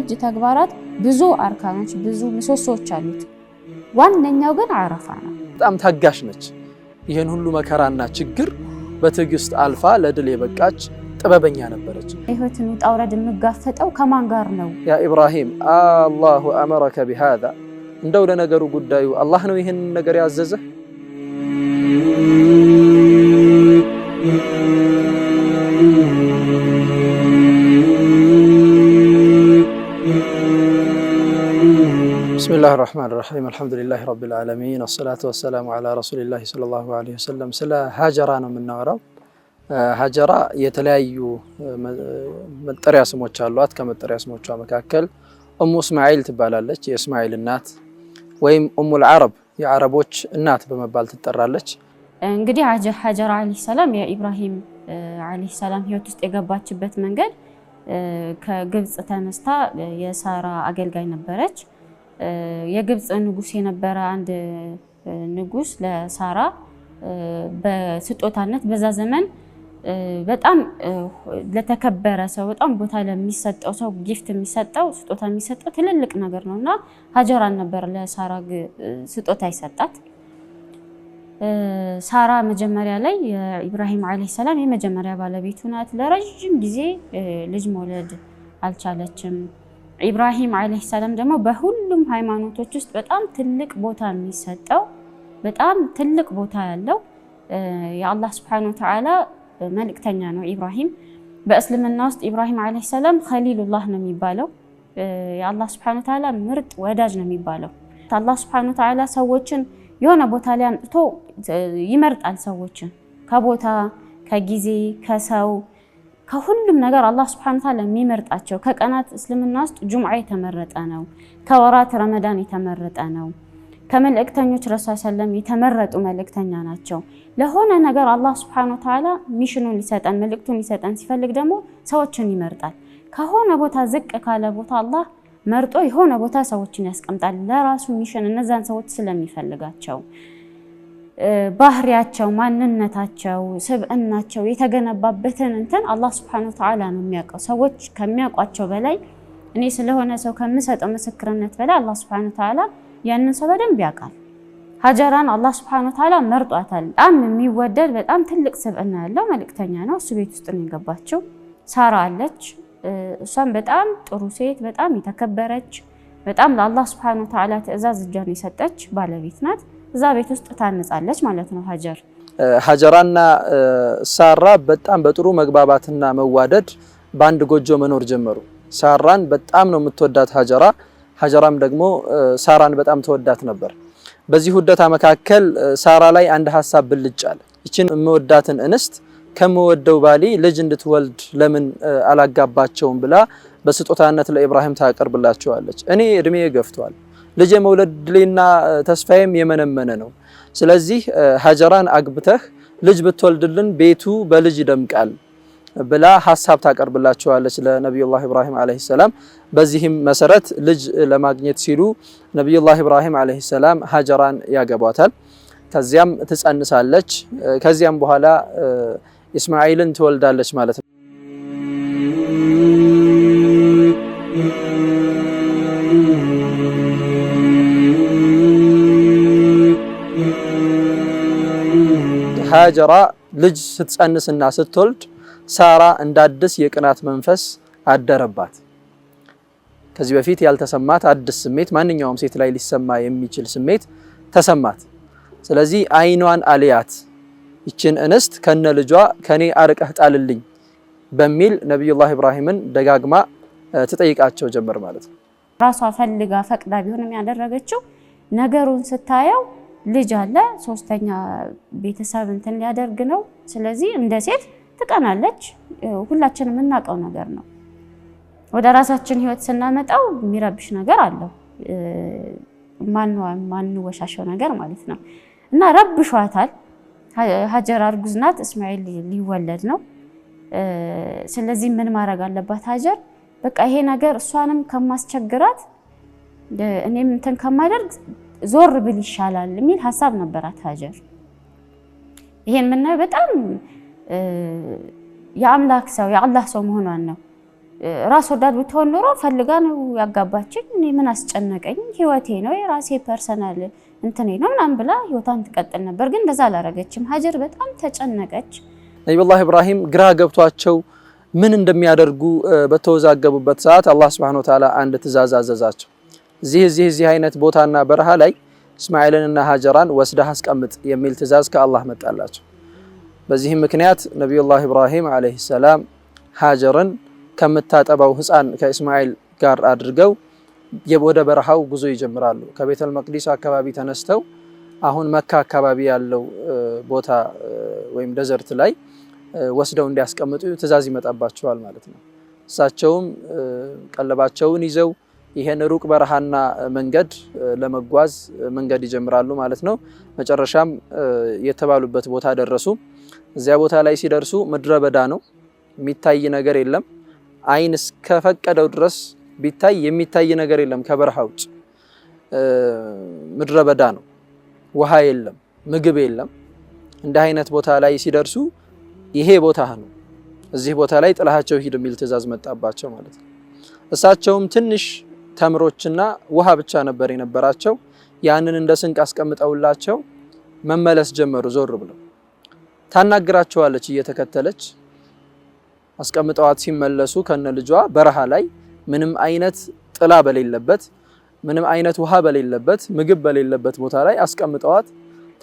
የሐጅ ተግባራት ብዙ አርካኖች ብዙ ምሰሶዎች አሉት። ዋነኛው ግን አረፋ ነው። በጣም ታጋሽ ነች። ይህን ሁሉ መከራና ችግር በትዕግስት አልፋ ለድል የበቃች ጥበበኛ ነበረች። ህይወትን ውጣ ውረድ የምጋፈጠው ከማን ጋር ነው? ያ ኢብራሂም አላሁ አመረከ ቢሃዛ፣ እንደው ለነገሩ ጉዳዩ አላህ ነው ይህን ነገር ያዘዘህ ብስሚላህ ራህማን ራሒም አልሐምዱሊላህ ረቢል ዓለሚን ወሰላቱ ወሰላሙ አላ ረሱሊላህ ሰለላሁ ዓለይሂ ወሰለም። ስለ ሀጀራ ነው የምናወራው። ሀጀራ uh, የተለያዩ uh, መጠሪያ ስሞች አሏት። ከመጠሪያ ስሞቿ መካከል እሙ እስማዒል ትባላለች፣ የእስማኤል እናት ወይም እሙል ዓረብ የአረቦች እናት በመባል ትጠራለች። እንግዲህ ሀጀራ ዓለይሂ ሰላም የኢብራሂም ዓለይሂ uh, ሰላም ህይወት ውስጥ የገባችበት መንገድ ከግብጽ ተነስታ የሳራ አገልጋይ ነበረች። የግብፅ ንጉስ የነበረ አንድ ንጉስ ለሳራ በስጦታነት በዛ ዘመን በጣም ለተከበረ ሰው በጣም ቦታ ለሚሰጠው ሰው ጊፍት የሚሰጠው ስጦታ የሚሰጠው ትልልቅ ነገር ነው እና ሀጀራን ነበር ለሳራ ስጦታ ይሰጣት። ሳራ መጀመሪያ ላይ የኢብራሂም ዓለይሂ ሰላም የመጀመሪያ ባለቤቱ ናት። ለረዥም ጊዜ ልጅ መውለድ አልቻለችም። ኢብራሂም ዓለይሂ ሰላም ደግሞ በሁሉም ሃይማኖቶች ውስጥ በጣም ትልቅ ቦታ የሚሰጠው በጣም ትልቅ ቦታ ያለው የአላህ ስብሐነሁ ወተዓላ መልእክተኛ ነው። ኢብራሂም በእስልምና ውስጥ ኢብራሂም ዓለይሂ ሰላም ኸሊሉላህ ነው የሚባለው። የአላህ ስብሐነሁ ወተዓላ ምርጥ ወዳጅ ነው የሚባለው። አላህ ስብሐነሁ ወተዓላ ሰዎችን የሆነ ቦታ ላይ አምጥቶ ይመርጣል። ሰዎችን ከቦታ ከጊዜ ከሰው ከሁሉም ነገር አላህ ስብሐነሁ ወተዓላ የሚመርጣቸው ከቀናት እስልምና ውስጥ ጁምዓ የተመረጠ ነው። ከወራት ረመዳን የተመረጠ ነው። ከመልእክተኞች ረሱ ሰለም የተመረጡ መልእክተኛ ናቸው። ለሆነ ነገር አላህ ስብሐነሁ ወተዓላ ሚሽኑን ሊሰጠን መልእክቱን ሊሰጠን ሲፈልግ ደግሞ ሰዎችን ይመርጣል። ከሆነ ቦታ ዝቅ ካለ ቦታ አላህ መርጦ የሆነ ቦታ ሰዎችን ያስቀምጣል። ለራሱ ሚሽን እነዛን ሰዎች ስለሚፈልጋቸው ባህሪያቸው፣ ማንነታቸው፣ ስብዕናቸው የተገነባበትን እንትን አላህ ስብሐነሁ ወተዓላ ነው የሚያውቀው። ሰዎች ከሚያውቋቸው በላይ እኔ ስለሆነ ሰው ከምሰጠው ምስክርነት በላይ አላህ ስብሐነሁ ወተዓላ ያንን ሰው በደንብ ያውቃል። ሀጀራን አላህ ስብሐነሁ ወተዓላ መርጧታል። በጣም የሚወደድ በጣም ትልቅ ስብዕና ያለው መልእክተኛ ነው። እሱ ቤት ውስጥ ነው የገባችው። ሳራ አለች። እሷም በጣም ጥሩ ሴት፣ በጣም የተከበረች፣ በጣም ለአላህ ስብሐነሁ ወተዓላ ትዕዛዝ እጇን የሰጠች ባለቤት ናት። እዛ ቤት ውስጥ ታነጻለች ማለት ነው። ሀጀር ሀጀራና ሳራ በጣም በጥሩ መግባባትና መዋደድ በአንድ ጎጆ መኖር ጀመሩ። ሳራን በጣም ነው የምትወዳት ሀጀራ፣ ሀጀራም ደግሞ ሳራን በጣም ተወዳት ነበር። በዚህ ውደታ መካከል ሳራ ላይ አንድ ሀሳብ ብልጭ አለ። ይችን የምወዳትን እንስት ከምወደው ባሌ ልጅ እንድትወልድ ለምን አላጋባቸውም ብላ በስጦታነት ለኢብራሂም ታቀርብላቸዋለች። እኔ እድሜ ገፍቷል ልጅ የመውለድ ድሌና ተስፋዬም የመነመነ ነው። ስለዚህ ሀጀራን አግብተህ ልጅ ብትወልድልን ቤቱ በልጅ ይደምቃል ብላ ሀሳብ ታቀርብላቸዋለች ለነቢዩላህ ኢብራሂም አለይሂ ሰላም። በዚህም መሰረት ልጅ ለማግኘት ሲሉ ነቢዩላህ ኢብራሂም አለይሂ ሰላም ሀጀራን ያገቧታል። ከዚያም ትጸንሳለች። ከዚያም በኋላ ኢስማኤልን ትወልዳለች ማለት ነው። ሃጀራ ልጅ ስትጸንስና ስትወልድ ሳራ እንዳዲስ የቅናት መንፈስ አደረባት። ከዚህ በፊት ያልተሰማት አዲስ ስሜት፣ ማንኛውም ሴት ላይ ሊሰማ የሚችል ስሜት ተሰማት። ስለዚህ አይኗን አልያት፣ ይችን እንስት ከነ ልጇ ከኔ አርቀህ ጣልልኝ በሚል ነቢዩላህ ኢብራሂምን ደጋግማ ትጠይቃቸው ጀመር ማለት ነው። ራሷ ፈልጋ ፈቅዳ ቢሆንም ያደረገችው ነገሩን ስታየው ልጅ አለ፣ ሶስተኛ ቤተሰብ እንትን ሊያደርግ ነው። ስለዚህ እንደ ሴት ትቀናለች። ሁላችንም የምናውቀው ነገር ነው። ወደ ራሳችን ህይወት ስናመጣው የሚረብሽ ነገር አለው። ማንወሻሸው ነገር ማለት ነው። እና ረብሿታል። ሀጀር አርጉዝ ናት። እስማኤል ሊወለድ ነው። ስለዚህ ምን ማድረግ አለባት ሀጀር? በቃ ይሄ ነገር እሷንም ከማስቸግራት እኔም እንትን ከማደርግ ዞር ብል ይሻላል የሚል ሀሳብ ነበራት ሀጀር። ይሄን የምናየው በጣም የአምላክ ሰው የአላህ ሰው መሆኗን ነው። ራስ ወዳድ ብትሆን ኖሮ ፈልጋ ነው ያጋባችኝ፣ እኔ ምን አስጨነቀኝ፣ ህይወቴ ነው የራሴ ፐርሰናል እንትኔ ነው ምናምን ብላ ህይወቷን ትቀጥል ነበር። ግን እንደዛ አላረገችም። ሀጀር በጣም ተጨነቀች። ነቢዩላህ ኢብራሂም ግራ ገብቷቸው ምን እንደሚያደርጉ በተወዛገቡበት ሰዓት አላህ ሱብሓነሁ ወተዓላ አንድ ትእዛዝ አዘዛቸው። ዚህ ዚህ ዚህ አይነት ቦታና በረሃ ላይ እስማኤልንና ሀጀራን ወስደህ አስቀምጥ የሚል ትእዛዝ ከአላህ መጣላቸው። በዚህም ምክንያት ነቢዩላህ ኢብራሂም ዓለይሂ ሰላም ሀጀርን ከምታጠባው ህፃን ከእስማኤል ጋር አድርገው ወደ በረሃው ጉዞ ይጀምራሉ። ከቤተል መቅዲስ አካባቢ ተነስተው አሁን መካ አካባቢ ያለው ቦታ ወይም ደዘርት ላይ ወስደው እንዲያስቀምጡ ትእዛዝ ይመጣባቸዋል ማለት ነው። እሳቸውም ቀለባቸውን ይዘው ይሄን ሩቅ በረሃና መንገድ ለመጓዝ መንገድ ይጀምራሉ ማለት ነው። መጨረሻም የተባሉበት ቦታ ደረሱ። እዚያ ቦታ ላይ ሲደርሱ ምድረ በዳ ነው፣ የሚታይ ነገር የለም። ዓይን እስከፈቀደው ድረስ ቢታይ የሚታይ ነገር የለም። ከበረሃ ውጭ ምድረ በዳ ነው፣ ውሃ የለም፣ ምግብ የለም። እንዲህ አይነት ቦታ ላይ ሲደርሱ ይሄ ቦታ ነው፣ እዚህ ቦታ ላይ ጥላሃቸው ሂድ የሚል ትዕዛዝ መጣባቸው ማለት ነው። እሳቸውም ትንሽ ተምሮችና ውሃ ብቻ ነበር የነበራቸው። ያንን እንደ ስንቅ አስቀምጠውላቸው መመለስ ጀመሩ። ዞር ብለው ታናግራቸዋለች እየተከተለች አስቀምጠዋት ሲመለሱ ከነ ልጇ በረሃ ላይ ምንም አይነት ጥላ በሌለበት ምንም አይነት ውሃ በሌለበት ምግብ በሌለበት ቦታ ላይ አስቀምጠዋት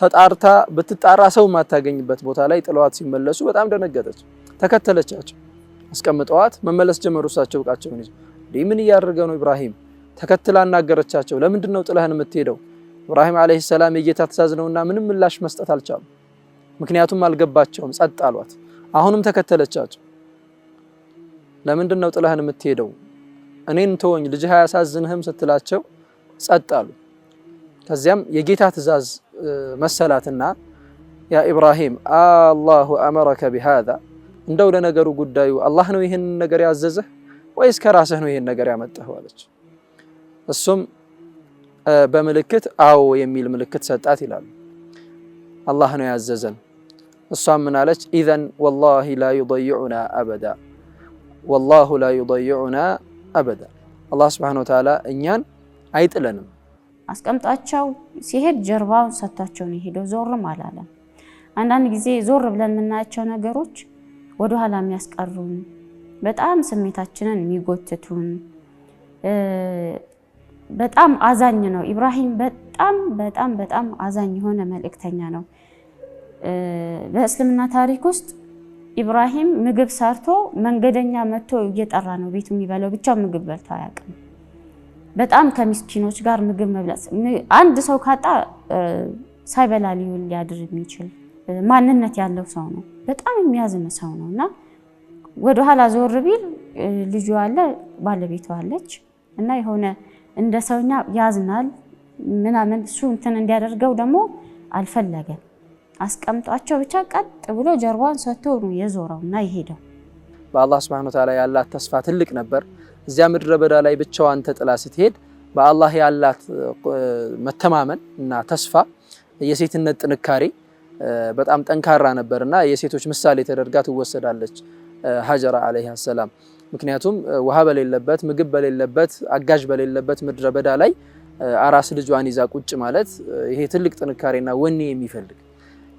ተጣርታ ብትጣራ ሰው ማታገኝበት ቦታ ላይ ጥለዋት ሲመለሱ በጣም ደነገጠች። ተከተለቻቸው፣ አስቀምጠዋት መመለስ ጀመሩ። እሳቸው እቃቸውን ይዘው ምን እያደረገ ነው ኢብራሂም ተከትላ አናገረቻቸው። ለምንድን ነው ጥለህን የምትሄደው? ኢብራሂም ዓለይሂ ሰላም የጌታ ትእዛዝ ነውና ምንም ምላሽ መስጠት አልቻሉ። ምክንያቱም አልገባቸውም፣ ጸጥ አሏት። አሁንም ተከተለቻቸው። ለምንድን ነው ጥለህን የምትሄደው? እኔን ተወኝ፣ ልጅህ አያሳዝንህም ስትላቸው ጸጥ አሉ። ከዚያም የጌታ ትእዛዝ መሰላትና ያ ኢብራሂም አላሁ አመረከ ቢሃዛ እንደው ለነገሩ ጉዳዩ አላህ ነው ይህን ነገር ያዘዘህ ወይስ ከራስህ ነው ይህን ነገር ያመጣህ አለች። እሱም በምልክት አዎ የሚል ምልክት ሰጣት ይላሉ። አላህ ነው ያዘዘን። እሷም ምን አለች? ኢዘን ወላሂ ላ ዩደይዑና አበዳ ወላሁ ላ ዩደይዑና አበዳ። አላህ ስብሐነሁ ወተዓላ እኛን አይጥለንም። አስቀምጣቸው ሲሄድ ጀርባው ሰጥቷቸው ነው የሄደው። ዞርም አላለም። አንዳንድ ጊዜ ዞር ብለን የምናያቸው ነገሮች ወደኋላ የሚያስቀሩን በጣም ስሜታችንን የሚጎትቱን በጣም አዛኝ ነው። ኢብራሂም በጣም በጣም በጣም አዛኝ የሆነ መልእክተኛ ነው። በእስልምና ታሪክ ውስጥ ኢብራሂም ምግብ ሰርቶ መንገደኛ መጥቶ እየጠራ ነው ቤቱ የሚበላው። ብቻው ምግብ በልቶ አያውቅም። በጣም ከምስኪኖች ጋር ምግብ መብላት፣ አንድ ሰው ካጣ ሳይበላ ሊውል ሊያድር የሚችል ማንነት ያለው ሰው ነው። በጣም የሚያዝን ሰው ነው እና ወደኋላ ዞር ቢል ልጁ አለ፣ ባለቤቱ አለች እና የሆነ እንደ ሰውኛ ያዝናል ምናምን እሱ እንትን እንዲያደርገው ደግሞ አልፈለገም። አስቀምጧቸው ብቻ ቀጥ ብሎ ጀርባን ሰጥቶ ነው የዞረው እና የሄደው። በአላህ ስብሐነ ወተዓላ ያላት ተስፋ ትልቅ ነበር። እዚያ ምድረ በዳ ላይ ብቻዋን ተጥላ ስትሄድ በአላህ ያላት መተማመን እና ተስፋ የሴትነት ጥንካሬ በጣም ጠንካራ ነበር እና የሴቶች ምሳሌ ተደርጋ ትወሰዳለች ሀጀራ ዓለይሃ ሰላም። ምክንያቱም ውሃ በሌለበት ምግብ በሌለበት አጋዥ በሌለበት ምድረ በዳ ላይ አራስ ልጇን ይዛ ቁጭ ማለት ይሄ ትልቅ ጥንካሬና ወኔ የሚፈልግ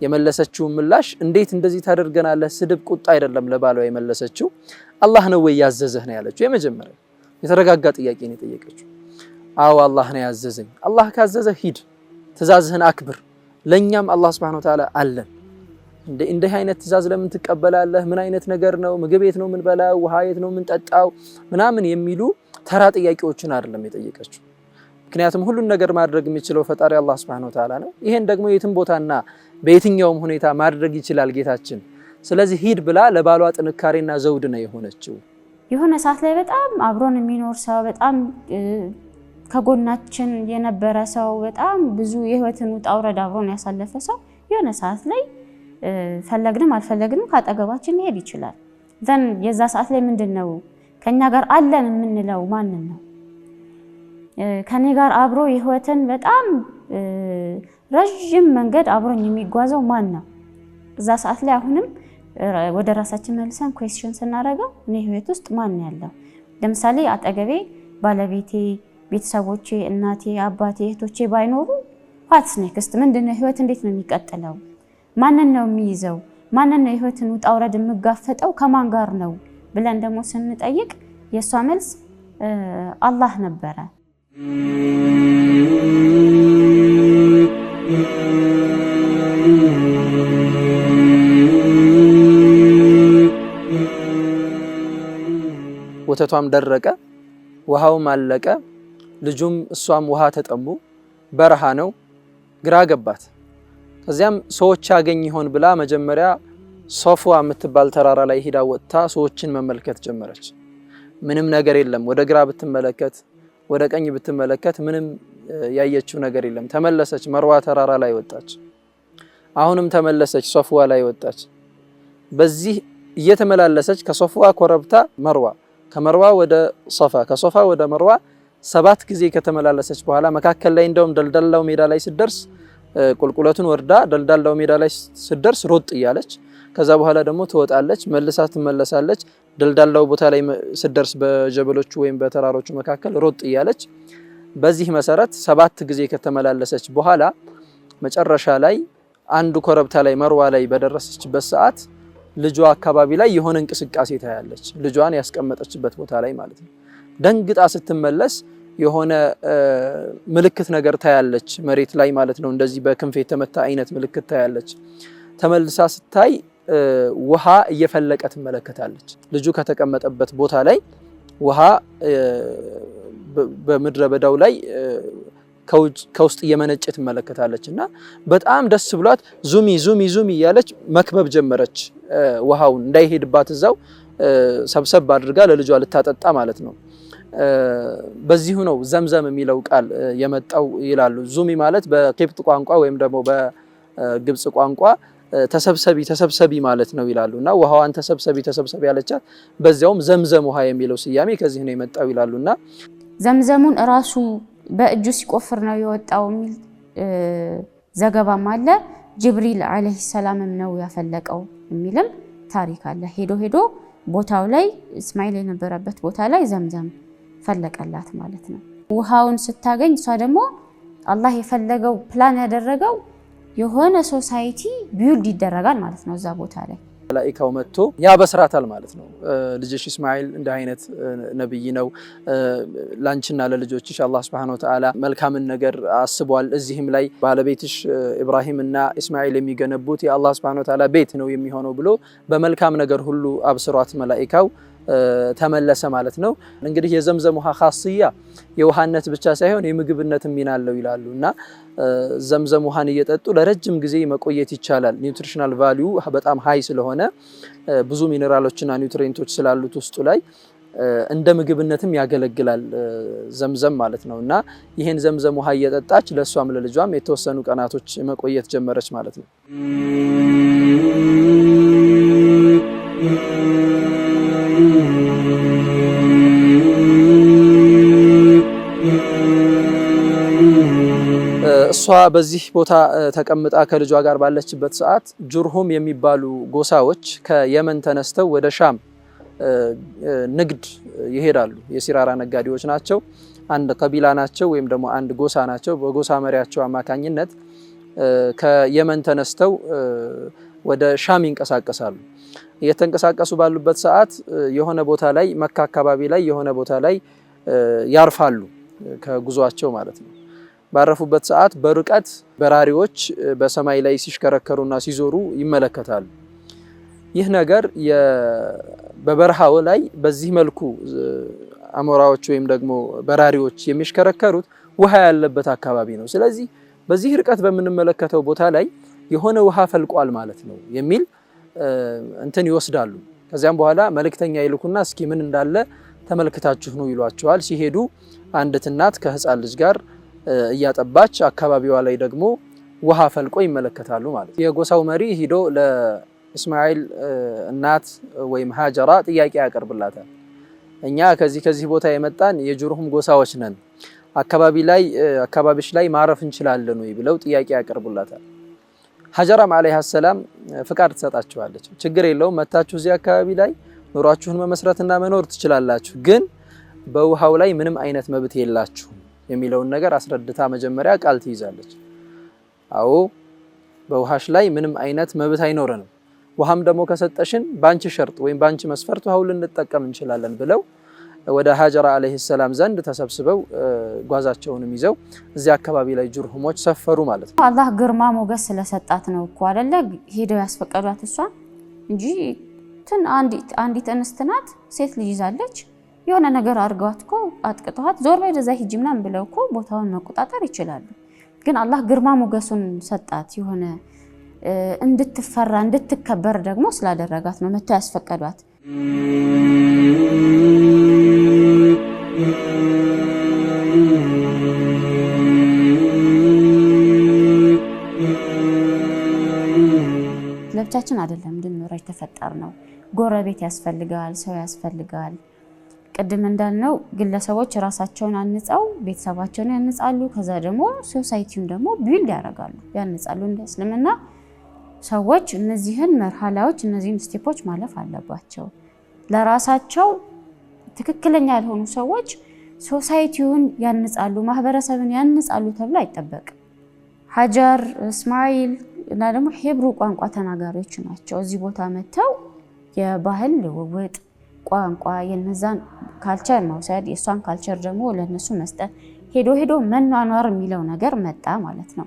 የመለሰችውን ምላሽ እንዴት እንደዚህ ታደርገናለህ? ስድብ፣ ቁጣ አይደለም ለባሏ የመለሰችው አላህ ነው ወይ ያዘዘህ ነው ያለችው። የመጀመሪያ የተረጋጋ ጥያቄ ነው የጠየቀችው። አዎ አላህ ነው ያዘዘኝ። አላህ ካዘዘህ ሂድ፣ ትእዛዝህን አክብር፣ ለእኛም አላህ ስብሐነሁ ወተዓላ አለን እንዲህ አይነት ትእዛዝ ለምን ትቀበላለህ? ምን አይነት ነገር ነው? ምግብ የት ነው የምንበላው? ውሃ የት ነው የምንጠጣው? ምናምን የሚሉ ተራ ጥያቄዎችን አይደለም የጠየቀችው። ምክንያቱም ሁሉን ነገር ማድረግ የሚችለው ፈጣሪ አላህ ሱብሓነሁ ወተዓላ ነው። ይሄን ደግሞ የትም ቦታና በየትኛውም ሁኔታ ማድረግ ይችላል ጌታችን። ስለዚህ ሂድ ብላ ለባሏ ጥንካሬና ዘውድ ነው የሆነችው። የሆነ ሰዓት ላይ በጣም አብሮን የሚኖር ሰው፣ በጣም ከጎናችን የነበረ ሰው፣ በጣም ብዙ የህይወትን ውጣ ውረድ አብሮን ያሳለፈ ሰው የሆነ ሰዓት ላይ ፈለግንም አልፈለግንም ከአጠገባችን ሊሄድ ይችላል። ዘን የዛ ሰዓት ላይ ምንድን ነው ከኛ ጋር አለን የምንለው ማንን ነው? ከኔ ጋር አብሮ የህይወትን በጣም ረዥም መንገድ አብሮኝ የሚጓዘው ማን ነው? እዛ ሰዓት ላይ አሁንም ወደ ራሳችን መልሰን ኩዌስችን ስናደርገው እኔ ህይወት ውስጥ ማን ያለው? ለምሳሌ አጠገቤ ባለቤቴ፣ ቤተሰቦቼ፣ እናቴ፣ አባቴ፣ እህቶቼ ባይኖሩ ዋትስ ኔክስት ምንድነው? ህይወት እንዴት ነው የሚቀጥለው? ማንን ነው የሚይዘው? ማንን ነው የህይወትን ውጣ ውረድ የምጋፈጠው? ከማን ጋር ነው ብለን ደግሞ ስንጠይቅ የእሷ መልስ አላህ ነበረ። ወተቷም ደረቀ፣ ውሃውም አለቀ፣ ልጁም እሷም ውሃ ተጠሙ። በረሃ ነው፣ ግራ ገባት። እዚያም ሰዎች ያገኝ ይሆን ብላ መጀመሪያ ሶፍዋ የምትባል ተራራ ላይ ሂዳ ወጥታ ሰዎችን መመልከት ጀመረች። ምንም ነገር የለም። ወደ ግራ ብትመለከት፣ ወደ ቀኝ ብትመለከት ምንም ያየችው ነገር የለም። ተመለሰች፣ መርዋ ተራራ ላይ ወጣች። አሁንም ተመለሰች፣ ሶፍዋ ላይ ወጣች። በዚህ እየተመላለሰች ከሶፍዋ ኮረብታ መርዋ፣ ከመርዋ ወደ ሶፋ፣ ከሶፋ ወደ መርዋ ሰባት ጊዜ ከተመላለሰች በኋላ መካከል ላይ እንደውም ደልደላው ሜዳ ላይ ስትደርስ ቁልቁለቱን ወርዳ ደልዳላው ሜዳ ላይ ስደርስ ሮጥ እያለች ከዛ በኋላ ደግሞ ትወጣለች፣ መልሳ ትመለሳለች። ደልዳላው ቦታ ላይ ስደርስ በጀበሎቹ ወይም በተራሮቹ መካከል ሮጥ እያለች በዚህ መሰረት ሰባት ጊዜ ከተመላለሰች በኋላ መጨረሻ ላይ አንዱ ኮረብታ ላይ መርዋ ላይ በደረሰችበት ሰዓት ልጇ አካባቢ ላይ የሆነ እንቅስቃሴ ታያለች። ልጇን ያስቀመጠችበት ቦታ ላይ ማለት ነው። ደንግጣ ስትመለስ የሆነ ምልክት ነገር ታያለች መሬት ላይ ማለት ነው። እንደዚህ በክንፍ የተመታ አይነት ምልክት ታያለች። ተመልሳ ስታይ ውሃ እየፈለቀ ትመለከታለች። ልጁ ከተቀመጠበት ቦታ ላይ ውሃ በምድረ በዳው ላይ ከውስጥ እየመነጨ ትመለከታለች እና በጣም ደስ ብሏት ዙሚ ዙሚ ዙሚ እያለች መክበብ ጀመረች። ውሃውን እንዳይሄድባት እዛው ሰብሰብ አድርጋ ለልጇ ልታጠጣ ማለት ነው። በዚሁ ነው ዘምዘም የሚለው ቃል የመጣው ይላሉ። ዙሚ ማለት በኬፕት ቋንቋ ወይም ደግሞ በግብጽ ቋንቋ ተሰብሰቢ ተሰብሰቢ ማለት ነው ይላሉ እና ውሃዋን ተሰብሰቢ ተሰብሰቢ ያለቻት በዚያውም ዘምዘም ውሃ የሚለው ስያሜ ከዚህ ነው የመጣው ይላሉ እና ዘምዘሙን እራሱ በእጁ ሲቆፍር ነው የወጣው የሚል ዘገባም አለ። ጅብሪል ዓለይሂ ሰላምም ነው ያፈለቀው የሚልም ታሪክ አለ። ሄዶ ሄዶ ቦታው ላይ እስማኤል የነበረበት ቦታ ላይ ዘምዘም ፈለቀላት ማለት ነው። ውሃውን ስታገኝ እሷ ደግሞ አላህ የፈለገው ፕላን ያደረገው የሆነ ሶሳይቲ ቢውልድ ይደረጋል ማለት ነው። እዛ ቦታ ላይ መላኢካው መጥቶ ያበስራታል ማለት ነው። ልጅሽ እስማኤል እንደ አይነት ነብይ ነው፣ ላንቺና ለልጆችሽ አላህ ስብሐነ ወተዓላ መልካምን ነገር አስቧል። እዚህም ላይ ባለቤትሽ ኢብራሂምና እስማኤል የሚገነቡት የአላህ ስብሐነ ወተዓላ ቤት ነው የሚሆነው ብሎ በመልካም ነገር ሁሉ አብስሯት መላኢካው ተመለሰ ማለት ነው። እንግዲህ የዘምዘም ውሃ ካስያ የውሃነት ብቻ ሳይሆን የምግብነት ሚና አለው ይላሉ እና ዘምዘም ውሃን እየጠጡ ለረጅም ጊዜ መቆየት ይቻላል። ኒውትሪሽናል ቫሊዩ በጣም ሀይ ስለሆነ ብዙ ሚኔራሎችና ኒውትሪንቶች ስላሉት ውስጡ ላይ እንደ ምግብነትም ያገለግላል ዘምዘም ማለት ነው እና ይህን ዘምዘም ውሃ እየጠጣች ለእሷም ለልጇም የተወሰኑ ቀናቶች መቆየት ጀመረች ማለት ነው። እሷ በዚህ ቦታ ተቀምጣ ከልጇ ጋር ባለችበት ሰዓት ጁርሁም የሚባሉ ጎሳዎች ከየመን ተነስተው ወደ ሻም ንግድ ይሄዳሉ። የሲራራ ነጋዴዎች ናቸው። አንድ ቀቢላ ናቸው፣ ወይም ደግሞ አንድ ጎሳ ናቸው። በጎሳ መሪያቸው አማካኝነት ከየመን ተነስተው ወደ ሻም ይንቀሳቀሳሉ። እየተንቀሳቀሱ ባሉበት ሰዓት የሆነ ቦታ ላይ መካ አካባቢ ላይ የሆነ ቦታ ላይ ያርፋሉ፣ ከጉዟቸው ማለት ነው። ባረፉበት ሰዓት በርቀት በራሪዎች በሰማይ ላይ ሲሽከረከሩና ሲዞሩ ይመለከታሉ። ይህ ነገር በበረሃው ላይ በዚህ መልኩ አሞራዎች ወይም ደግሞ በራሪዎች የሚሽከረከሩት ውሃ ያለበት አካባቢ ነው። ስለዚህ በዚህ ርቀት በምንመለከተው ቦታ ላይ የሆነ ውሃ ፈልቋል ማለት ነው የሚል እንትን ይወስዳሉ። ከዚያም በኋላ መልእክተኛ ይልኩና እስኪ ምን እንዳለ ተመልክታችሁ ነው ይሏቸዋል። ሲሄዱ አንዲት እናት ከህፃን ልጅ ጋር እያጠባች አካባቢዋ ላይ ደግሞ ውሃ ፈልቆ ይመለከታሉ ማለት ነው። የጎሳው መሪ ሂዶ ለእስማኤል እናት ወይም ሀጀራ ጥያቄ ያቀርብላታል። እኛ ከዚህ ከዚህ ቦታ የመጣን የጅሩሁም ጎሳዎች ነን፣ አካባቢ ላይ አካባቢሽ ላይ ማረፍ እንችላለን ወይ ብለው ጥያቄ ያቀርቡላታል። ሀጀራም አለይሃ ሰላም ፍቃድ ትሰጣችኋለች። ችግር የለውም መታችሁ እዚህ አካባቢ ላይ ኑሯችሁን መመስረትና መኖር ትችላላችሁ፣ ግን በውሃው ላይ ምንም አይነት መብት የላችሁ የሚለውን ነገር አስረድታ መጀመሪያ ቃል ትይዛለች። አዎ በውሃሽ ላይ ምንም አይነት መብት አይኖረንም፣ ውሃም ደግሞ ከሰጠሽን በአንቺ ሸርጥ ወይም በአንቺ መስፈርት ውሃው ልንጠቀም እንችላለን ብለው ወደ ሀጀራ አለይሂ ሰላም ዘንድ ተሰብስበው ጓዛቸውንም ይዘው እዚህ አካባቢ ላይ ጁርሁሞች ሰፈሩ ማለት ነው። አላህ ግርማ ሞገስ ስለሰጣት ነው እኮ አይደለ? ሄደው ያስፈቀዷት እሷን እንጂ አንዲት እንስት ናት፣ ሴት ልጅ ይዛለች። የሆነ ነገር አድርገዋት እኮ አጥቅተዋት ዞር በይ ወደዛ ሂጂ ምናምን ብለው እኮ ቦታውን መቆጣጠር ይችላሉ። ግን አላህ ግርማ ሞገሱን ሰጣት። የሆነ እንድትፈራ እንድትከበር ደግሞ ስላደረጋት ነው መተው ያስፈቀዷት። ለብቻችን አይደለም እንድንኖር የተፈጠር ነው። ጎረቤት ያስፈልጋል፣ ሰው ያስፈልጋል። ቅድም እንዳልነው ግለሰቦች ራሳቸውን አንጸው ቤተሰባቸውን ያንጻሉ። ከዛ ደግሞ ሶሳይቲውን ደግሞ ቢልድ ያደርጋሉ፣ ያንጻሉ። እንደ እስልምና ሰዎች እነዚህን መርሃላዎች እነዚህን ስቴፖች ማለፍ አለባቸው። ለራሳቸው ትክክለኛ ያልሆኑ ሰዎች ሶሳይቲውን ያንጻሉ፣ ማህበረሰብን ያንጻሉ ተብሎ አይጠበቅም። ሀጀር እስማኤል እና ደግሞ ሄብሩ ቋንቋ ተናጋሪዎች ናቸው። እዚህ ቦታ መጥተው የባህል ልውውጥ ቋንቋ የነዛን ካልቸር መውሰድ የእሷን ካልቸር ደግሞ ለእነሱ መስጠት ሄዶ ሄዶ መኗኗር የሚለው ነገር መጣ ማለት ነው።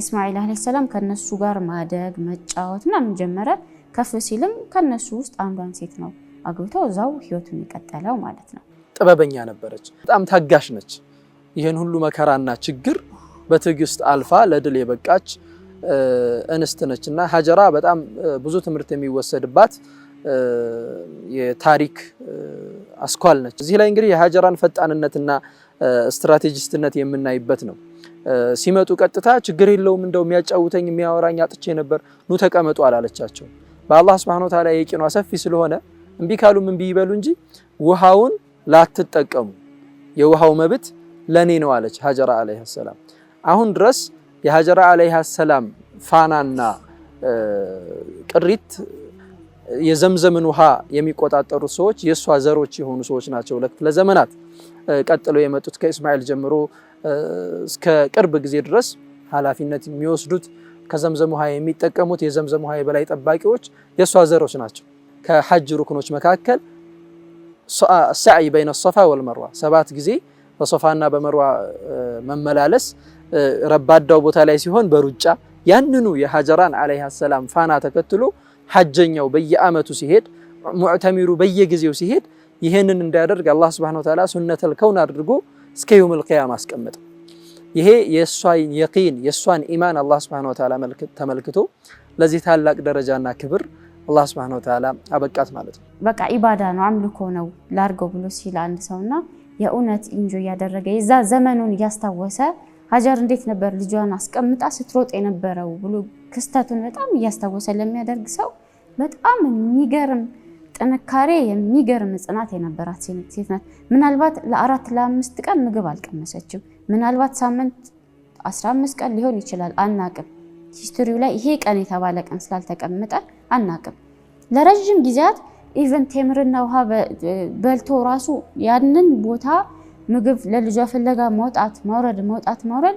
እስማኤል አለይሂ ሰላም ከነሱ ጋር ማደግ መጫወት ምናምን ጀመረ። ከፍ ሲልም ከነሱ ውስጥ አንዷን ሴት ነው አግብተው እዛው ህይወቱን የቀጠለው ማለት ነው። ጥበበኛ ነበረች፣ በጣም ታጋሽ ነች። ይህን ሁሉ መከራና ችግር በትዕግስት አልፋ ለድል የበቃች እንስት ነች እና ሀጀራ በጣም ብዙ ትምህርት የሚወሰድባት የታሪክ አስኳል ነች። እዚህ ላይ እንግዲህ የሀጀራን ፈጣንነትና ስትራቴጂስትነት የምናይበት ነው። ሲመጡ ቀጥታ ችግር የለውም እንደው የሚያጫውተኝ የሚያወራኝ አጥቼ ነበር፣ ኑ ተቀመጡ አላለቻቸው። በአላህ ስብሐነ ወተዓላ የቂኗ ሰፊ ስለሆነ እምቢ ካሉም እምቢ ይበሉ እንጂ ውሃውን ላትጠቀሙ የውሃው መብት ለኔ ነው አለች ሀጀራ አለይሃ ሰላም። አሁን ድረስ የሀጀራ አለይሃ ሰላም ፋናና ቅሪት የዘምዘምን ውሃ የሚቆጣጠሩ ሰዎች የእሷ ዘሮች የሆኑ ሰዎች ናቸው። ለክፍለ ዘመናት ቀጥለው የመጡት ከእስማኤል ጀምሮ እስከ ቅርብ ጊዜ ድረስ ኃላፊነት የሚወስዱት ከዘምዘም ውሃ የሚጠቀሙት የዘምዘም ውሃ የበላይ ጠባቂዎች የእሷ ዘሮች ናቸው። ከሐጅ ሩክኖች መካከል ሰዓይ በይነ ሶፋ ወልመርዋ ሰባት ጊዜ በሶፋና በመርዋ መመላለስ ረባዳው ቦታ ላይ ሲሆን በሩጫ ያንኑ የሀጀራን ዓለይሃ ሰላም ፋና ተከትሎ ሐጀኛው በየአመቱ ሲሄድ፣ ሙዕተሚሩ በየጊዜው ሲሄድ ይሄንን እንዳያደርግ አላህ ሱብሓነሁ ወተዓላ ሱነተል ከውን አድርጎ እስከ የውመል ቂያማ አስቀመጠ። ይሄ የእሷን የቂን የእሷን ኢማን አላህ ሱብሓነሁ ወተዓላ ተመልክቶ ለዚህ ታላቅ ደረጃና ክብር አላህ ሱብሓነሁ ወተዓላ አበቃት ማለት ነው። በቃ ኢባዳ ነው አምልኮ ነው ላርገው ብሎ ሲል አንድ ሰውና የእውነት ኢንጆ እያደረገ የዛ ዘመኑን እያስታወሰ ሀጀር እንዴት ነበር ልጇን አስቀምጣ ስትሮጥ የነበረው ብሎ ክስተቱን በጣም እያስታወሰ ለሚያደርግ ሰው በጣም የሚገርም ጥንካሬ የሚገርም ጽናት የነበራት ሴት ናት። ምናልባት ለአራት ለአምስት ቀን ምግብ አልቀመሰችም። ምናልባት ሳምንት 15 ቀን ሊሆን ይችላል፣ አናቅም። ሂስትሪው ላይ ይሄ ቀን የተባለ ቀን ስላልተቀመጠ አናቅም። ለረዥም ጊዜያት ኢቨን ቴምርና ውሃ በልቶ ራሱ ያንን ቦታ ምግብ ለልጇ ፍለጋ መውጣት ማውረድ መውጣት ማውረድ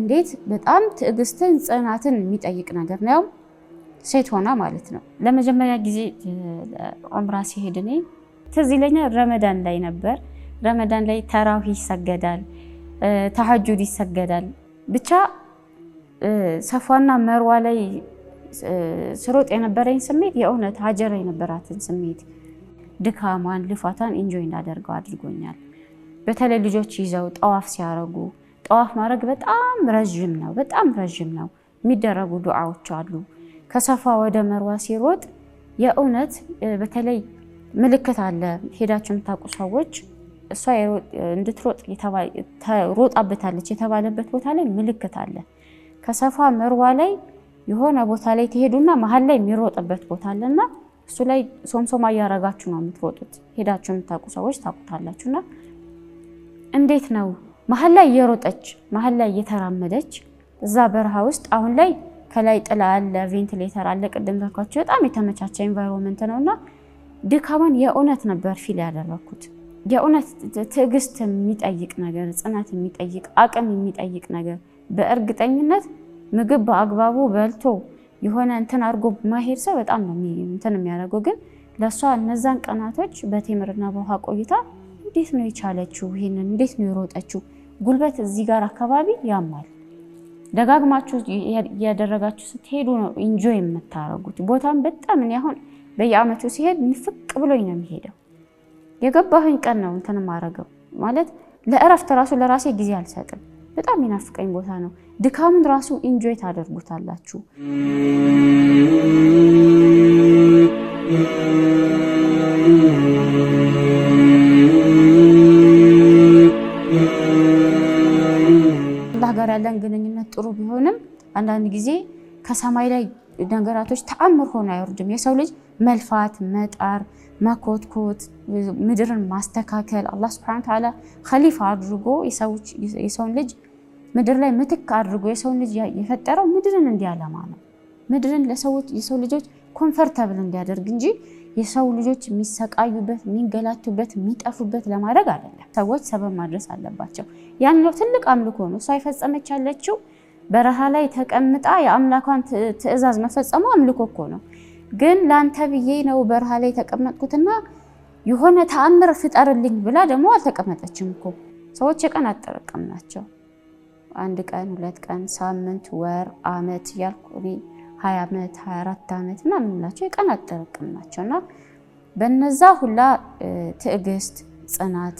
እንዴት በጣም ትዕግስትን ጽናትን የሚጠይቅ ነገር ነው። ሴት ሆና ማለት ነው። ለመጀመሪያ ጊዜ ዑምራ ሲሄድ እኔ ትዝ ይለኛል ረመዳን ላይ ነበር። ረመዳን ላይ ተራዊህ ይሰገዳል፣ ተሐጁድ ይሰገዳል። ብቻ ሰፋና መርዋ ላይ ስሮጥ የነበረኝ ስሜት የእውነት ሀጀር የነበራትን ስሜት ድካሟን፣ ልፋቷን ኢንጆይ እንዳደርገው አድርጎኛል። በተለይ ልጆች ይዘው ጠዋፍ ሲያረጉ ጠዋፍ ማድረግ በጣም ረዥም ነው፣ በጣም ረዥም ነው። የሚደረጉ ዱዓዎች አሉ ከሰፋ ወደ መርዋ ሲሮጥ የእውነት በተለይ ምልክት አለ። ሄዳችሁ የምታውቁ ሰዎች እሷ እንድትሮጥ ሮጣበታለች የተባለበት ቦታ ላይ ምልክት አለ። ከሰፋ መርዋ ላይ የሆነ ቦታ ላይ ትሄዱና መሀል ላይ የሚሮጥበት ቦታ አለና እሱ ላይ ሶምሶማ እያረጋችሁ ነው የምትሮጡት። ሄዳችሁ የምታውቁ ሰዎች ታውቁታላችሁና እንዴት ነው መሀል ላይ እየሮጠች መሀል ላይ እየተራመደች እዛ በረሃ ውስጥ አሁን ላይ ከላይ ጥላ አለ፣ ቬንቲሌተር አለ። ቅድም ተኳቸው በጣም የተመቻቸ ኤንቫይሮንመንት ነው እና ድካማን የእውነት ነበር ፊል ያደረኩት። የእውነት ትዕግስት የሚጠይቅ ነገር፣ ጽናት የሚጠይቅ አቅም የሚጠይቅ ነገር። በእርግጠኝነት ምግብ በአግባቡ በልቶ የሆነ እንትን አድርጎ ማሄድ ሰው በጣም ነው እንትን የሚያደርገው። ግን ለእሷ እነዛን ቀናቶች በቴምርና በውሃ ቆይታ እንዴት ነው የቻለችው? ይህንን እንዴት ነው የሮጠችው? ጉልበት እዚህ ጋር አካባቢ ያማል ደጋግማችሁ እያደረጋችሁ ስትሄዱ ነው ኢንጆይ የምታደርጉት ቦታም በጣም እኔ አሁን በየአመቱ ሲሄድ ንፍቅ ብሎኝ ነው የሚሄደው። የገባሁኝ ቀን ነው እንትን ማድረገው ማለት ለእረፍት ራሱ ለራሴ ጊዜ አልሰጥም። በጣም የናፍቀኝ ቦታ ነው። ድካሙን ራሱ ኢንጆይ ታደርጉታላችሁ። አላህ ጋር ያለን ግንኙነት ጥሩ ቢሆንም አንዳንድ ጊዜ ከሰማይ ላይ ነገራቶች ተአምር ሆኖ አይወርድም። የሰው ልጅ መልፋት፣ መጣር፣ መኮትኮት፣ ምድርን ማስተካከል አላህ ስብሐነ ወተዓላ ኸሊፋ አድርጎ የሰውን ልጅ ምድር ላይ ምትክ አድርጎ የሰውን ልጅ የፈጠረው ምድርን እንዲያለማ ነው። ምድርን የሰው ልጆች ኮንፈርተብል እንዲያደርግ እንጂ የሰው ልጆች የሚሰቃዩበት፣ የሚንገላቱበት፣ የሚጠፉበት ለማድረግ አይደለም። ሰዎች ሰበብ ማድረስ አለባቸው። ያን ነው ትልቅ አምልኮ ነው እሷ የፈጸመች ያለችው በረሃ ላይ ተቀምጣ የአምላኳን ትእዛዝ መፈጸሙ አምልኮ እኮ ነው። ግን ለአንተ ብዬ ነው በረሃ ላይ የተቀመጥኩትና የሆነ ተአምር ፍጠርልኝ ብላ ደግሞ አልተቀመጠችም እኮ። ሰዎች የቀን አጠረቅም ናቸው። አንድ ቀን፣ ሁለት ቀን፣ ሳምንት፣ ወር፣ አመት እያልኩ እኔ ሀያ ዓመት ሀያ አራት ዓመት ምናምን የምላቸው የቀን አጠረቅም ናቸው እና በነዛ ሁላ ትዕግስት ጽናት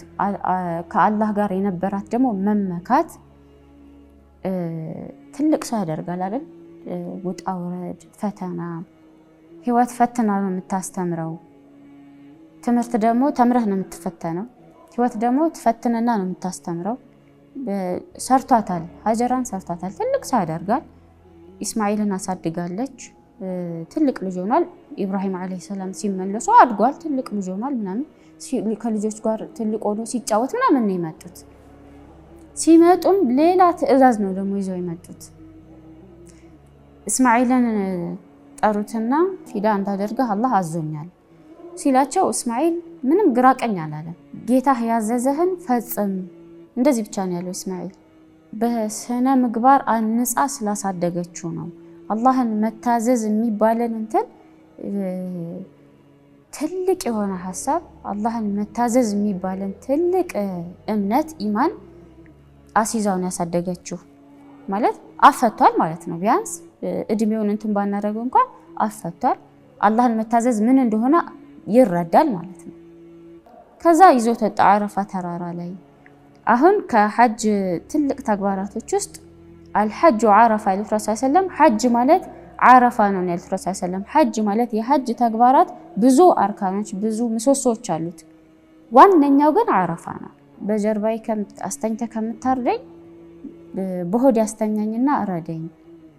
ከአላህ ጋር የነበራት ደግሞ መመካት ትልቅ ሰው ያደርጋል አይደል? ውጣ ውረድ፣ ፈተና ህይወት ፈትና ነው የምታስተምረው። ትምህርት ደግሞ ተምረህ ነው የምትፈተነው። ህይወት ደግሞ ትፈትንና ነው የምታስተምረው። ሰርቷታል፣ ሀጀራን ሰርቷታል። ትልቅ ሰው ያደርጋል። ኢስማኤልን አሳድጋለች። ትልቅ ልጅ ሆኗል። ኢብራሂም ዓለይሂ ሰላም ሲመለሱ አድጓል። ትልቅ ልጅ ሆኗል ምናምን ከልጆች ጋር ትልቅ ሆኖ ሲጫወት ምናምን ነው የመጡት። ሲመጡም ሌላ ትዕዛዝ ነው ደግሞ ይዘው የመጡት። እስማዒልን ጠሩትና ፊዳ እንዳደርገህ አላህ አዞኛል ሲላቸው እስማዒል ምንም ግራ ቀኝ አላለም። ጌታህ ያዘዘህን ፈጽም፣ እንደዚህ ብቻ ነው ያለው እስማዒል። በስነ ምግባር አንጻ ስላሳደገችው ነው። አላህን መታዘዝ የሚባለን እንትን ትልቅ የሆነ ሀሳብ አላህን መታዘዝ የሚባለን ትልቅ እምነት ኢማን አሲዛውን ያሳደገችው ማለት አፈቷል ማለት ነው። ቢያንስ እድሜውን እንትን ባናደረገ እንኳን አፈቷል። አላህን መታዘዝ ምን እንደሆነ ይረዳል ማለት ነው። ከዛ ይዞ ወጣ አረፋ ተራራ ላይ። አሁን ከሐጅ ትልቅ ተግባራቶች ውስጥ አልሐጁ አረፋ ያሉት ረሱል ሰለም ሐጅ ማለት አረፋ ነው ያሉት ረሱል ሰለም ሐጅ ማለት የሐጅ ተግባራት ብዙ አርካኖች፣ ብዙ ምሰሶዎች አሉት። ዋነኛው ግን አረፋ ነው። በጀርባይ አስተኝተ ከምታርደኝ በሆድ ያስተኛኝና እረደኝ።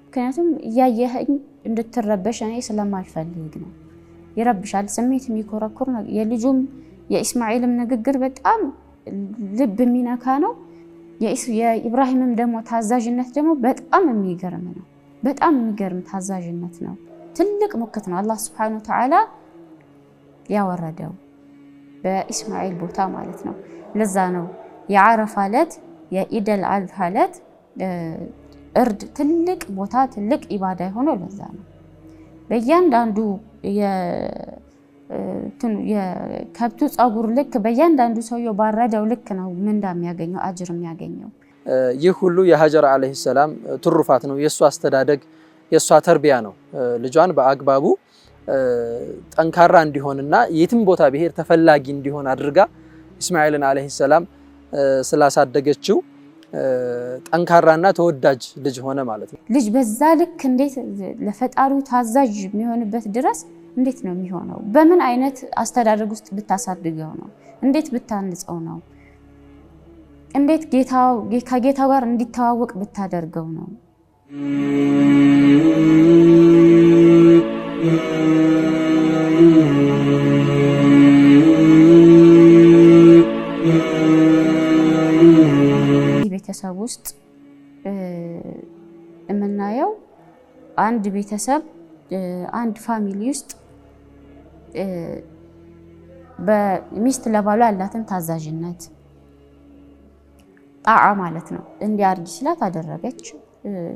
ምክንያቱም እያየኸኝ እንድትረበሽ እኔ ስለማልፈልግ ነው። ይረብሻል፣ ስሜት የሚኮረኩር ነው። የልጁም የኢስማኤልም ንግግር በጣም ልብ የሚነካ ነው። የኢብራሂምም ደግሞ ታዛዥነት ደግሞ በጣም የሚገርም ነው። በጣም የሚገርም ታዛዥነት ነው። ትልቅ ሙክት ነው አላህ ስብሐነሁ ወተዓላ ያወረደው በኢስማኤል ቦታ ማለት ነው። ለዛ ነው የዓረፋ ዕለት የኢደል አድሃ ዕለት እርድ ትልቅ ቦታ ትልቅ ኢባዳ የሆነው ለዛ ነው። በእያንዳንዱ የከብቱ ፀጉር ልክ በእያንዳንዱ ሰውየው ባረደው ልክ ነው ምንዳ የሚያገኘው አጅር የሚያገኘው። ይህ ሁሉ የሀጀር ዓለይሂ ሰላም ትሩፋት ነው። የእሷ አስተዳደግ የእሷ ተርቢያ ነው። ልጇን በአግባቡ ጠንካራ እንዲሆንና የትም ቦታ ብሄር ተፈላጊ እንዲሆን አድርጋ ኢስማኤልን አለይሂ ሰላም ስላሳደገችው ጠንካራና ተወዳጅ ልጅ ሆነ ማለት ነው። ልጅ በዛ ልክ እንዴት ለፈጣሪው ታዛዥ የሚሆንበት ድረስ እንዴት ነው የሚሆነው? በምን አይነት አስተዳደግ ውስጥ ብታሳድገው ነው? እንዴት ብታንጸው ነው? እንዴት ከጌታው ጋር እንዲተዋወቅ ብታደርገው ነው? ቤተሰብ ውስጥ የምናየው አንድ ቤተሰብ አንድ ፋሚሊ ውስጥ በሚስት ለባሉ ያላትን ታዛዥነት ጣዓ ማለት ነው። እንዲያርግ ሲላት አደረገች።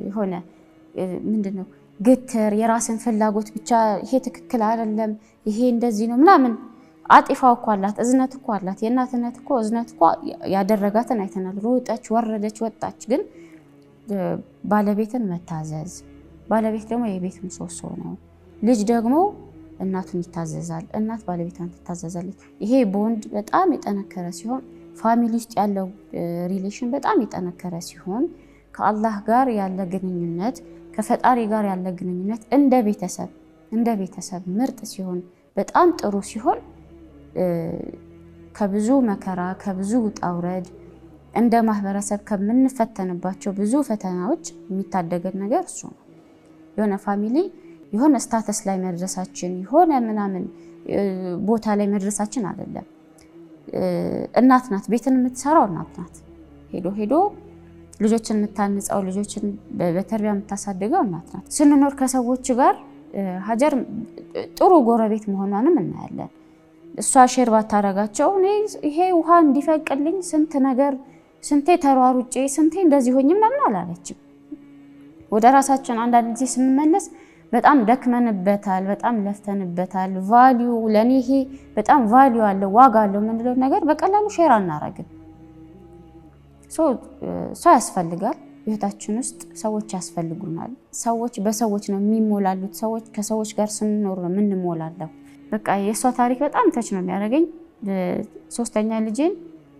የሆነ ምንድን ነው ግትር የራስን ፍላጎት ብቻ ይሄ ትክክል አይደለም፣ ይሄ እንደዚህ ነው ምናምን አጢፋው እኮ አላት፣ እዝነት እኮ አላት። የእናትነት እኮ እዝነት እኮ ያደረጋትን አይተናል። ሮጠች፣ ወረደች፣ ወጣች። ግን ባለቤትን መታዘዝ ባለቤት ደግሞ የቤት ምሰሶ ነው። ልጅ ደግሞ እናቱን ይታዘዛል፣ እናት ባለቤቷን ትታዘዛለች። ይሄ ቦንድ በጣም የጠነከረ ሲሆን ፋሚሊ ውስጥ ያለው ሪሌሽን በጣም የጠነከረ ሲሆን ከአላህ ጋር ያለ ግንኙነት ከፈጣሪ ጋር ያለ ግንኙነት እንደ ቤተሰብ እንደ ቤተሰብ ምርጥ ሲሆን በጣም ጥሩ ሲሆን ከብዙ መከራ ከብዙ ውጣ ውረድ እንደ ማህበረሰብ ከምንፈተንባቸው ብዙ ፈተናዎች የሚታደገን ነገር እሱ ነው። የሆነ ፋሚሊ የሆነ ስታተስ ላይ መድረሳችን የሆነ ምናምን ቦታ ላይ መድረሳችን አይደለም። እናት ናት ቤትን የምትሰራው እናት ናት። ሄዶ ሄዶ ልጆችን የምታንጸው ልጆችን በተርቢያ የምታሳድገው እናት ናት። ስንኖር ከሰዎች ጋር ሀጀር ጥሩ ጎረቤት መሆኗንም እናያለን። እሷ ሼር ባታረጋቸው እኔ ይሄ ውሃ እንዲፈቅልኝ ስንት ነገር ስንቴ ተሯሩጬ ስንቴ እንደዚህ ሆኝ ምናምን አላለችም። ወደ ራሳችን አንዳንድ ጊዜ ስንመለስ በጣም ደክመንበታል፣ በጣም ለፍተንበታል። ቫሊዩ ለእኔ ይሄ በጣም ቫሊዩ አለው ዋጋ አለው የምንለው ነገር በቀላሉ ሼር አናረግም። ሰው ያስፈልጋል። ህይወታችን ውስጥ ሰዎች ያስፈልጉናል። ሰዎች በሰዎች ነው የሚሞላሉት። ሰዎች ከሰዎች ጋር ስንኖር ነው የምንሞላለው። በቃ የእሷ ታሪክ በጣም ተች ነው የሚያደርገኝ። ሶስተኛ ልጄን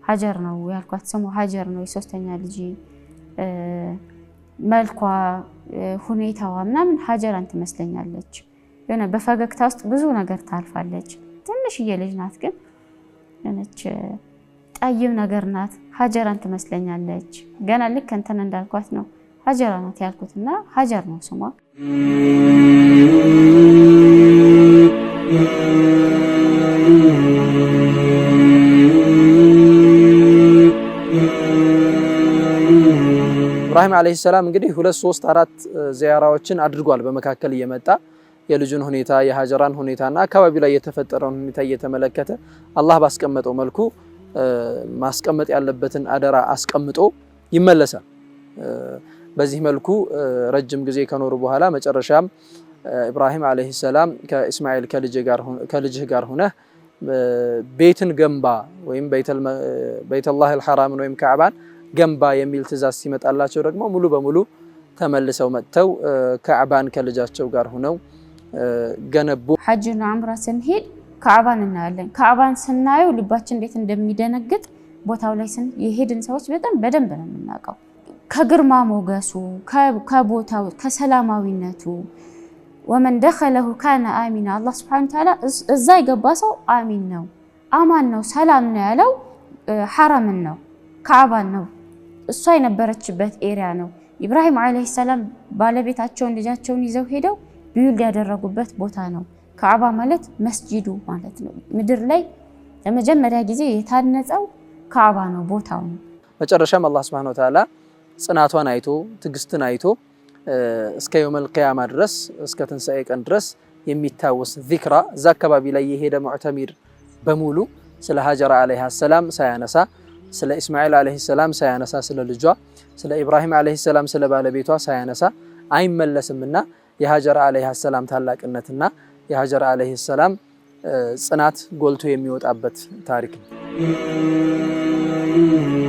ሀጀር ነው ያልኳት፣ ስሟ ሀጀር ነው የሶስተኛ ልጅ መልኳ፣ ሁኔታዋ ምናምን ሀጀራን ትመስለኛለች። የሆነ በፈገግታ ውስጥ ብዙ ነገር ታልፋለች። ትንሽዬ ልጅ ናት፣ ግን የሆነች ጠይም ነገር ናት። ሀጀራን ትመስለኛለች። ገና ልክ እንትን እንዳልኳት ነው ሀጀራ ናት ያልኩት እና ሀጀር ነው ስሟ። ኢብራሂም ዓለይሂ ሰላም እንግዲህ ሁለት ሶስት አራት ዚያራዎችን አድርጓል። በመካከል እየመጣ የልጁን ሁኔታ የሀጀራን ሁኔታና አካባቢው ላይ የተፈጠረውን ሁኔታ እየተመለከተ አላህ ባስቀመጠው መልኩ ማስቀመጥ ያለበትን አደራ አስቀምጦ ይመለሳል። በዚህ መልኩ ረጅም ጊዜ ከኖሩ በኋላ መጨረሻም ኢብራሂም ዓለይሂ ሰላም ከእስማኤል ከልጅህ ጋር ሆነ ቤትን ገንባ ወይም በይተላህ አልሐራምን ወይም ካዕባን ገንባ የሚል ትእዛዝ ሲመጣላቸው ደግሞ ሙሉ በሙሉ ተመልሰው መጥተው ካዕባን ከልጃቸው ጋር ሆነው ገነቡ። ሐጅና ዑምራ ስንሄድ ካዕባን እናያለን። ካዕባን ስናየው ልባችን እንዴት እንደሚደነግጥ ቦታው ላይ የሄድን ሰዎች በጣም በደንብ ነው የምናውቀው። ከግርማ ሞገሱ ከቦታው ከሰላማዊነቱ ወመን ደኸለሁ ካነ አሚና አላህ ስብሐነሁ ተዓላ እዛ የገባ ሰው አሚን ነው፣ አማን ነው፣ ሰላም ነው ያለው ሐረምን ነው፣ ካዕባን ነው፣ እሷ የነበረችበት ኤሪያ ነው። ኢብራሂም ዓለይሂ ሰላም ባለቤታቸውን ልጃቸውን ይዘው ሄደው ቢዩልድ ያደረጉበት ቦታ ነው። ካዕባ ማለት መስጂዱ ማለት ነው። ምድር ላይ ለመጀመሪያ ጊዜ የታነጸው ካዕባ ነው፣ ቦታው ነው። መጨረሻም አላህ ስብሐነሁ ተዓላ ጽናቷን አይቶ ትግስትን አይቶ እስከ የውመል ቂያማ ድረስ እስከ ትንሣኤ ቀን ድረስ የሚታወስ ዚክራ እዛ አካባቢ ላይ የሄደ ሙዕተሚር በሙሉ ስለ ሀጀራ ዓለይሃ ሰላም ሳያነሳ ስለ ኢስማኤል ዓለይሂ ሰላም ሳያነሳ ስለ ልጇ ስለ ኢብራሂም ዓለይሂ ሰላም ስለ ባለቤቷ ሳያነሳ አይመለስምና የሀጀራ ዓለይሃ ሰላም ታላቅነትና የሀጀራ ዓለይሂ ሰላም ጽናት ጎልቶ የሚወጣበት ታሪክ ነው።